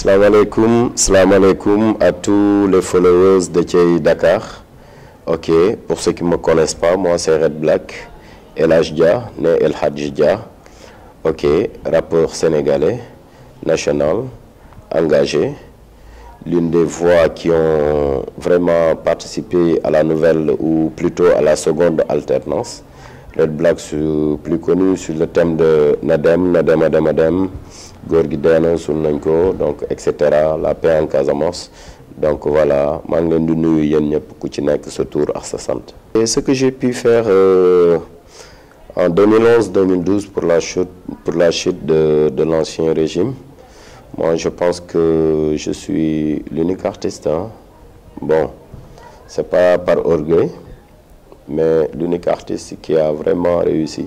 Salam alaikum, salam alaikum à tous les followers de Thierry Dakar. Ok, pour ceux qui ne me connaissent pas, moi c'est Red Black, El Hajja, né El Hadjia. Ok, rappeur sénégalais, national, engagé. L'une des voix qui ont vraiment participé à la nouvelle ou plutôt à la seconde alternance les blagues plus connues sur le thème de Nadem Nadem Adem Adem Gorgidano, Sunanko, etc. donc etc la paix en Casamos. donc voilà je suis venu nuyu à tour à 60 et ce que j'ai pu faire euh, en 2011-2012 pour la chute pour la chute de l'ancien régime moi je pense que je suis l'unique artiste hein. bon c'est pas par orgueil mais l'unique artiste qui a vraiment réussi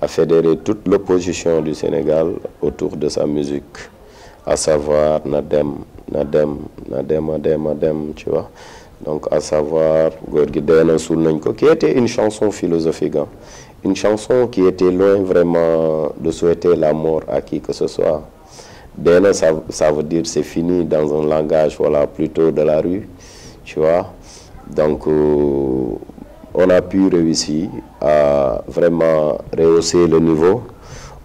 à fédérer toute l'opposition du Sénégal autour de sa musique, à savoir Nadem, Nadem, Nadem, Nadem, Nadem, tu vois. Donc à savoir qui était une chanson philosophique, hein. une chanson qui était loin vraiment de souhaiter la mort à qui que ce soit. Dena, ça, veut dire c'est fini dans un langage voilà, plutôt de la rue, tu vois. Donc, euh, on a pu réussir à vraiment rehausser le niveau.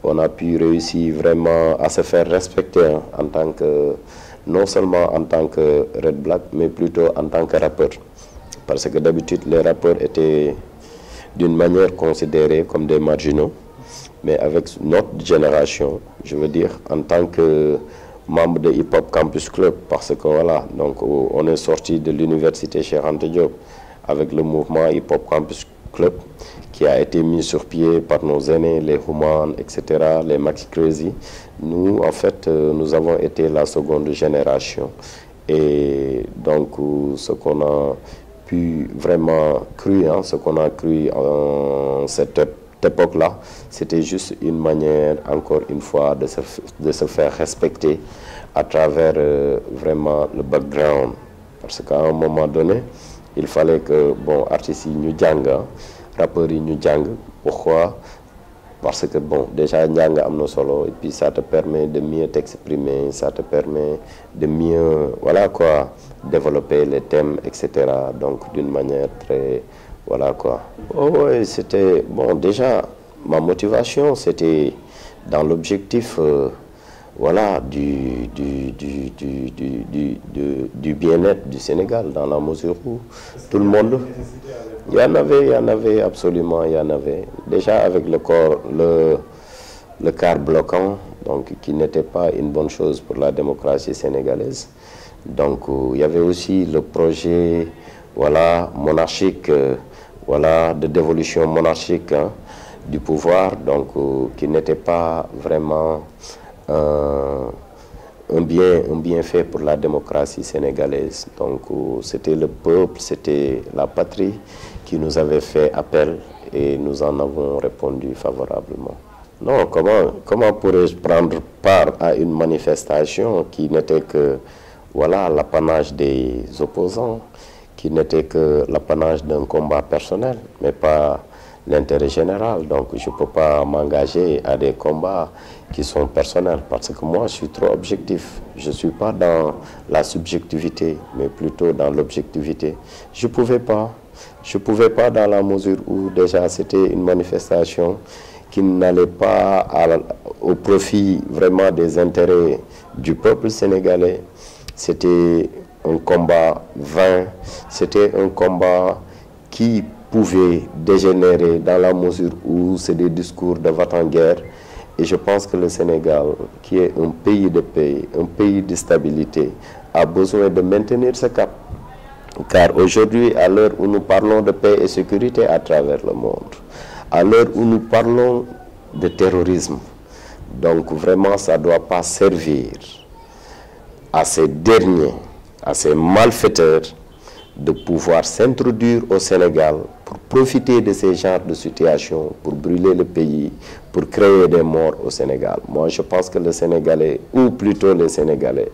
On a pu réussir vraiment à se faire respecter en tant que, non seulement en tant que Red Black, mais plutôt en tant que rappeur. Parce que d'habitude, les rappeurs étaient d'une manière considérée comme des marginaux. Mais avec notre génération, je veux dire, en tant que membre de Hip Hop Campus Club, parce que voilà, donc on est sorti de l'université chez Diop avec le mouvement Hip Hop Campus Club qui a été mis sur pied par nos aînés, les Human, etc., les Maxi Crazy. Nous, en fait, euh, nous avons été la seconde génération. Et donc, euh, ce qu'on a pu vraiment cru, hein, ce qu'on a cru en cette époque-là, c'était juste une manière, encore une fois, de se, faire respecter à travers euh, vraiment le background. Parce qu'à un moment donné, il fallait que bon artiste nous, ñu pourquoi parce que bon déjà njàng am solo et puis ça te permet de mieux t'exprimer ça te permet de mieux voilà quoi développer les thèmes etc. donc d'une manière très voilà quoi. oh ouais, c'était bon déjà ma motivation c'était dans l'objectif euh, voilà, du, du, du, du, du bien-être du Sénégal, dans la mesure où tout le monde... Il y en avait, il y en avait, absolument, il y en avait. Déjà avec le corps, le, le quart bloquant, donc qui n'était pas une bonne chose pour la démocratie sénégalaise. Donc euh, il y avait aussi le projet voilà, monarchique, euh, voilà, de dévolution monarchique hein, du pouvoir, donc euh, qui n'était pas vraiment un, euh, un, bien, un bienfait pour la démocratie sénégalaise. Donc euh, c'était le peuple, c'était la patrie qui nous avait fait appel et nous en avons répondu favorablement. Non, comment, comment pourrais-je prendre part à une manifestation qui n'était que voilà, l'apanage des opposants, qui n'était que l'apanage d'un combat personnel, mais pas l'intérêt général. Donc je ne peux pas m'engager à des combats qui sont personnels parce que moi je suis trop objectif. Je ne suis pas dans la subjectivité, mais plutôt dans l'objectivité. Je ne pouvais pas. Je ne pouvais pas dans la mesure où déjà c'était une manifestation qui n'allait pas au profit vraiment des intérêts du peuple sénégalais. C'était un combat vain, c'était un combat qui pouvait dégénérer dans la mesure où c'est des discours de va en guerre Et je pense que le Sénégal, qui est un pays de paix, un pays de stabilité, a besoin de maintenir ce cap. Car aujourd'hui, à l'heure où nous parlons de paix et sécurité à travers le monde, à l'heure où nous parlons de terrorisme, donc vraiment ça ne doit pas servir à ces derniers, à ces malfaiteurs de pouvoir s'introduire au Sénégal pour profiter de ces genres de situations, pour brûler le pays, pour créer des morts au Sénégal. Moi, je pense que les Sénégalais, ou plutôt les Sénégalais,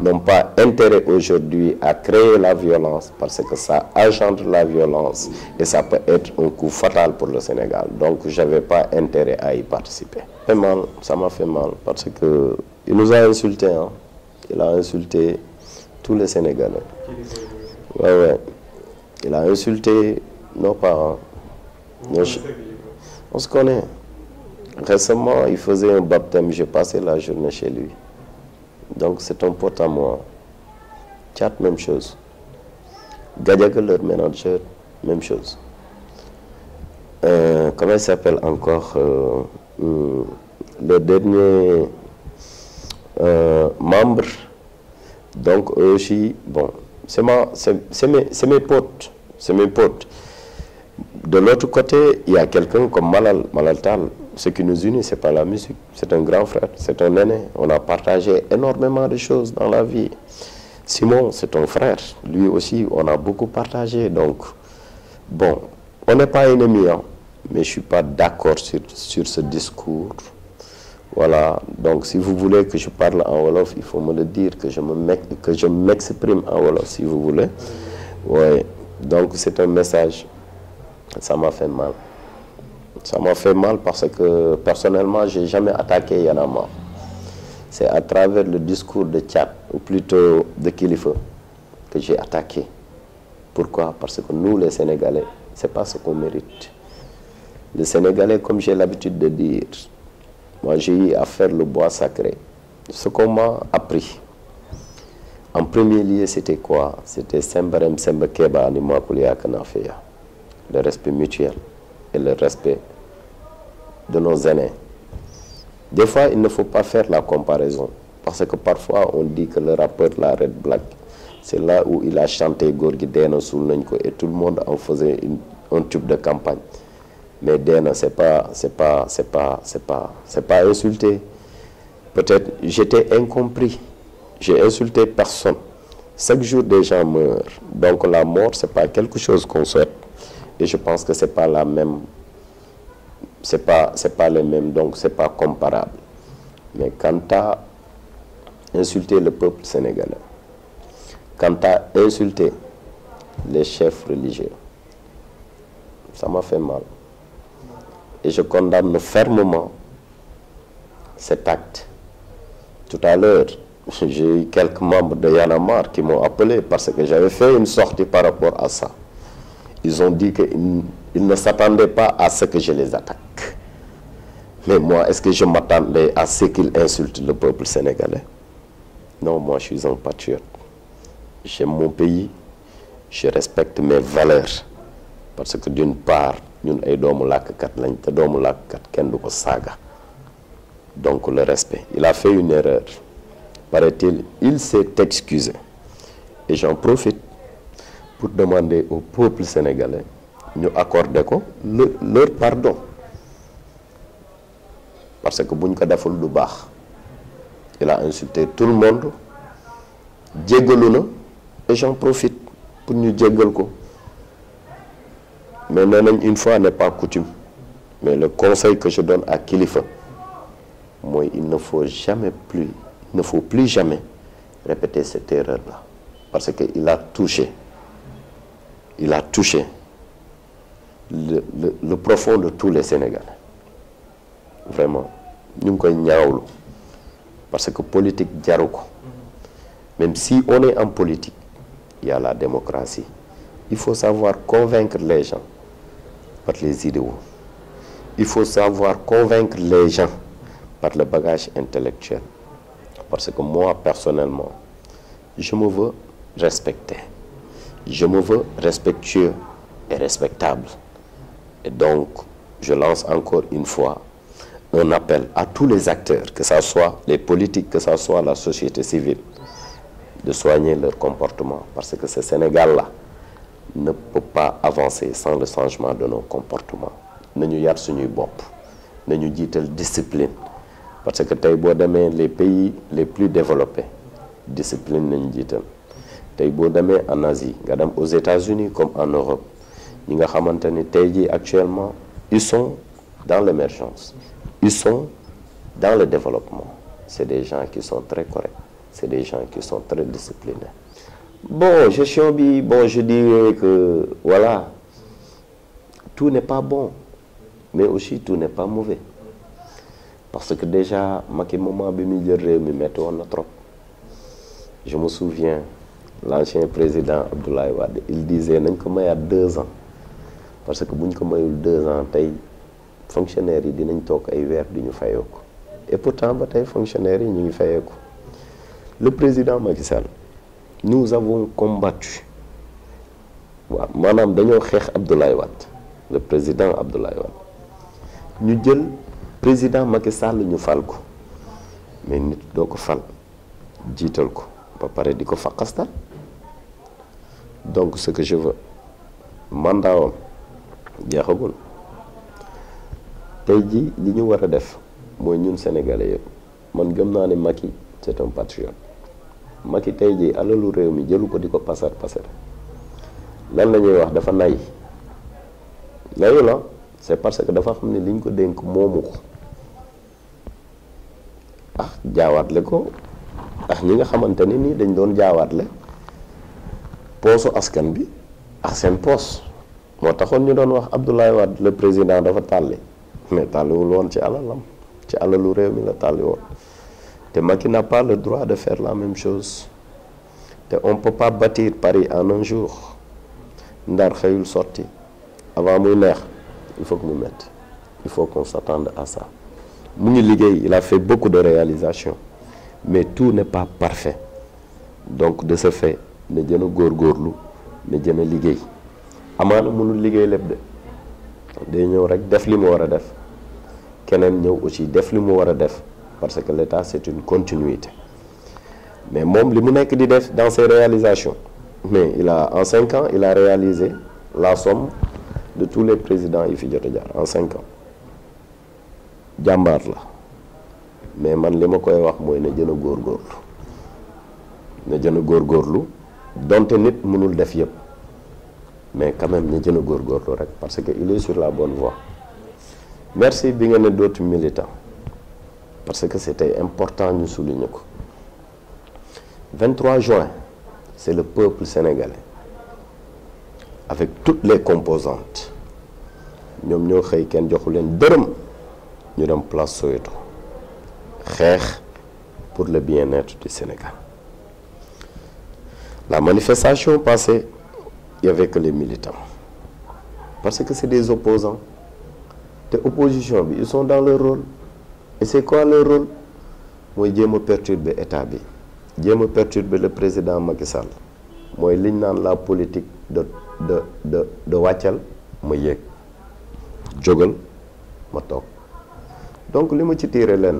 n'ont pas intérêt aujourd'hui à créer la violence parce que ça engendre la violence et ça peut être un coup fatal pour le Sénégal. Donc, je n'avais pas intérêt à y participer. Ça m'a fait mal, ça m'a fait mal parce qu'il nous a insultés. Hein. Il a insulté tous les Sénégalais. Ouais, ouais. Il a insulté nos parents. On se connaît. Récemment, il faisait un baptême. J'ai passé la journée chez lui. Donc, c'est un pote à moi. Tchat, même chose. que leur manager, même chose. Euh, comment il s'appelle encore euh, euh, Le dernier membre. Donc, eux aussi, bon, c'est mes, mes, potes. C'est mes potes. De l'autre côté, il y a quelqu'un comme Malal, Malal Ce qui nous unit, ce n'est pas la musique. C'est un grand frère, c'est un aîné. On a partagé énormément de choses dans la vie. Simon, c'est ton frère. Lui aussi, on a beaucoup partagé. Donc, bon, on n'est pas ennemis, hein, mais je ne suis pas d'accord sur, sur ce discours voilà, donc si vous voulez que je parle en Wolof, il faut me le dire, que je m'exprime en Wolof, si vous voulez. Oui, Donc c'est un message. Ça m'a fait mal. Ça m'a fait mal parce que personnellement, je n'ai jamais attaqué Yanama. C'est à travers le discours de Tchad, ou plutôt de Kilifa, que j'ai attaqué. Pourquoi Parce que nous, les Sénégalais, ce n'est pas ce qu'on mérite. Les Sénégalais, comme j'ai l'habitude de dire, moi, j'ai eu à faire le bois sacré. Ce qu'on m'a appris, en premier lieu, c'était quoi C'était Sembarem Le respect mutuel et le respect de nos aînés. Des fois, il ne faut pas faire la comparaison. Parce que parfois, on dit que le rappeur, la Red Black, c'est là où il a chanté Gorgi et tout le monde en faisait un tube de campagne. Mais Den, c'est pas, c'est pas, c'est pas, c'est pas, c'est pas insulté. Peut-être j'étais incompris. J'ai insulté personne. Chaque jour, des gens meurent. Donc la mort, c'est pas quelque chose qu'on souhaite. Et je pense que c'est pas la même. C'est pas, c'est pas le même. Donc c'est pas comparable. Mais quant à insulté le peuple sénégalais, quant à insulté les chefs religieux, ça m'a fait mal et je condamne fermement cet acte. Tout à l'heure, j'ai eu quelques membres de Yanamar qui m'ont appelé parce que j'avais fait une sortie par rapport à ça. Ils ont dit qu'ils ne s'attendaient pas à ce que je les attaque. Mais moi, est-ce que je m'attendais à ce qu'ils insultent le peuple sénégalais Non, moi, je suis un patriote. J'aime mon pays, je respecte mes valeurs. Parce que d'une part, ñun ay doomu lañ te doomu kenn donc le respect il a fait une erreur paraît-il il s'est excusé et j'en profite pour demander au peuple sénégalais nous accorder ko leur pardon parce que buñ ko deful il a insulté tout le monde et j'en profite pour ñu mais même une fois n'est pas coutume mais le conseil que je donne à Khalifa, moi il ne faut jamais plus il ne faut plus jamais répéter cette erreur là parce qu'il a touché il a touché le profond de tous les Sénégalais vraiment parce que politique même si on est en politique il y a la démocratie il faut savoir convaincre les gens par les idéaux. Il faut savoir convaincre les gens par le bagage intellectuel. Parce que moi, personnellement, je me veux respecter. Je me veux respectueux et respectable. Et donc, je lance encore une fois un appel à tous les acteurs, que ce soit les politiques, que ce soit la société civile, de soigner leur comportement. Parce que ce Sénégal-là, ne peut pas avancer sans le changement de nos comportements nous yar suñuy bopp nañu jiital discipline parce que aujourd'hui, les pays les plus développés discipline nous jiital Aujourd'hui, Les pays en Asie aux États-Unis comme en Europe nous nga que actuellement ils sont dans l'émergence ils sont dans le développement c'est des gens qui sont très corrects c'est des gens qui sont très disciplinés Bon, gestion bi, bon, je dirais que, voilà, tout n'est pas bon, mais aussi tout n'est pas mauvais. Parce que déjà, je moment me trop. Je me souviens, l'ancien président Abdoulaye Wade, il disait que y a deux ans. Parce que si y a deux ans, les fonctionnaires sont des verres de nous Et pourtant, les fonctionnaires sont des Le président Macky Sall, nous avons combattu waaw maanaam dañoo xeex Abdoulaye Wade le président Abdoulaye Wade ñu jël président Macky Sall ñu fal ko mais nit doo ko fal jiital ko ba pare di ko faqastal donc ce que je veux mandat wam jeexagul tey ji li ñu war def mooy ñun sénégalais yëpp man gëm naa ne c'est un patriote Macky tey jii alalu réew mi jëlu ko di ko pasar pasar lan lañuy wax dafa nay nayu la c'est parce que dafa xam ne liñ ko dénk moomu ko ah jaawaatle ko ah ñi nga xamante ni nii dañ doon jaawaatle poosu askan bi ah seen poos moo taxoon ñu doon wax Abdoulaye Wade le président dafa tàlli mais tàlliwul woon ci alalam ci alalu réew mi la tàlli woon moi qui n'a pas le droit de faire la même chose Et on peut pas bâtir Paris en un jour ndar xëyul sortir. avant mon heure, il faut que nous mette il faut qu'on s'attende à ça Mouni il a fait beaucoup de réalisations mais tout n'est pas parfait donc de ce fait ne gën a góorgóorlu ne gën a liggéey amaana mënul liggéey lépp de day rek def li mu wara def Kenen ñëw aussi def li mu wara def parce que l'État c'est une continuité mais mon, li mu di dans ses réalisations mais il a en cinq ans il a réalisé la somme de tous les présidents Ifi en cinq ans jàmbaar là. mais man ne sais pas wax mooy na un a na gor nit mënul def mais quand même na gën parce qu'il est sur la bonne voie merci bi d'autres militants parce que c'était important de souligner 23 juin c'est le peuple sénégalais avec toutes les composantes Nous avons fait pour le bien-être du Sénégal la manifestation passée il n'y avait que les militants parce que c'est des opposants Des oppositions ils sont dans leur rôle et c'est quoi le rôle Moi, je me perturber l'État, Je le président Macky Sall la politique de de de de wàccal ma je donc ce que je tirer là.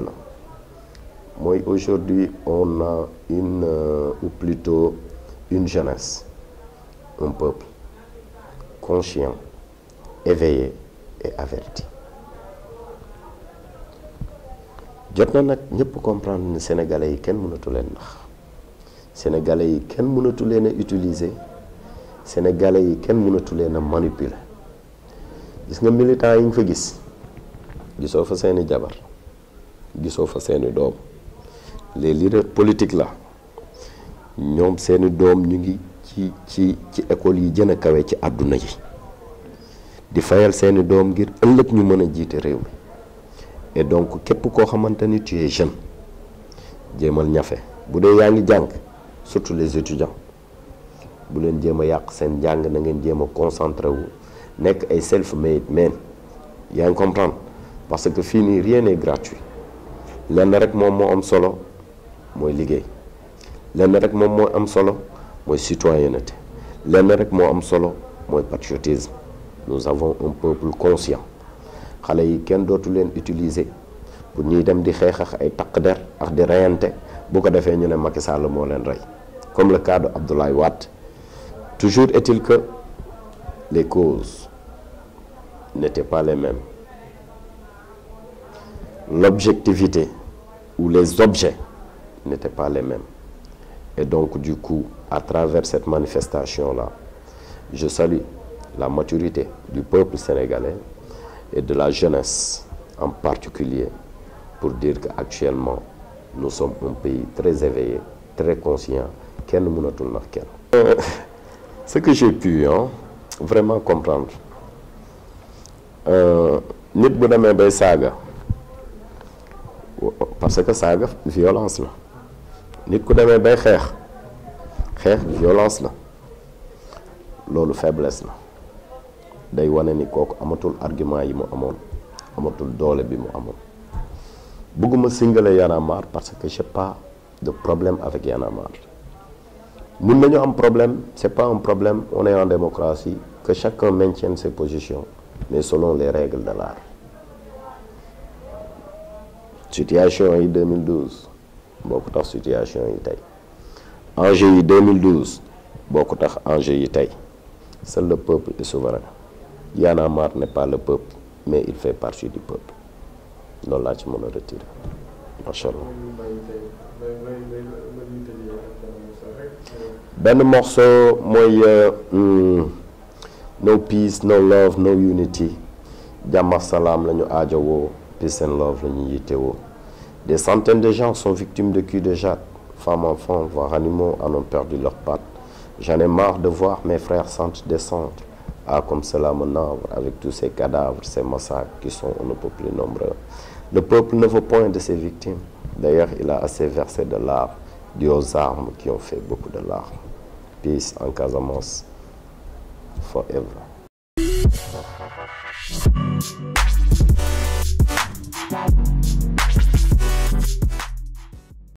aujourd'hui on a une euh, ou plutôt une jeunesse un peuple conscient éveillé et averti jot na nag ñëpp comprendre ni sénégalais yi kenn mënatu leen nax sénégalais yi kenn mënatu leen a utiliser sénégalais yi kenn mënatu leen a manipuler gis nga militant yi nga fa gis gisoo fa seeni jabar gisoo fa seeni doom les leaders politiques la ñoom seeni doom ñu ngi ci ci ci école yi gën a kawe ci àdduna yi di fayal seeni doom ngir ëllëg ñu mën a jiite réew mi et donc képp koo xamante tu es jeune jéemal ñafe bu dee yaa surtout les étudiants bu leen jéem a yàq na ngeen concentré self made men yaa ngi comprendre parce que fini, rien n'est gratuit lenn rek moom moo am solo mooy liggéey lenn rek moom am solo mooy citoyenneté lenn rek moo am solo patriotisme nous avons un peuple conscient xale yi kenn dootu leen utiliser pour ñuy dem di xeex ak ay takk der ak di bu ko defee ñu ne Macky Sall moo leen comme le cas d'Abdoulaye Abdoulaye toujours est-il que les causes n'étaient pas les mêmes l'objectivité ou les objets n'étaient pas les mêmes et donc du coup à travers cette manifestation là je salue la maturité du peuple sénégalais et de la jeunesse en particulier pour dire qu'actuellement nous sommes un pays très éveillé, très conscient, euh, Ce que j'ai pu hein, vraiment comprendre euh, nit parce que ça, violence là, nit violence la faiblesse day wane ni kooku amatul argument yi mu amoon amatul doole bi mu amoon bëgguma singale Y'en a parce que n'ai pas de problème avec Yanamar. a marre mun nañu am problème c'est pas un problème on est en démocratie que chacun maintienne ses positions mais selon les règles de l'art situation en 2012 bokku tax situation yi tay enjeu 2012 bokku de tax enjeu yi tay seul le peuple est souverain Yann Amar n'est pas le peuple mais il fait partie du peuple Donc là, je me retire. retiré Ben morceau mooy euh, hmm, no peace no love no unity jàmm salam, salaam la peace and love la des centaines de gens sont victimes de cul de jatte femmes enfants voire animaux en ont perdu leurs pattes j'en ai marre de voir mes frères s'en descendre a ah, comme cela mon avec tous ces cadavres, ces massacres qui sont un peu plus nombreux. Le peuple ne veut point de ses victimes. D'ailleurs, il a assez versé de larmes, dû aux armes qui ont fait beaucoup de larmes. Peace en Casamance, forever.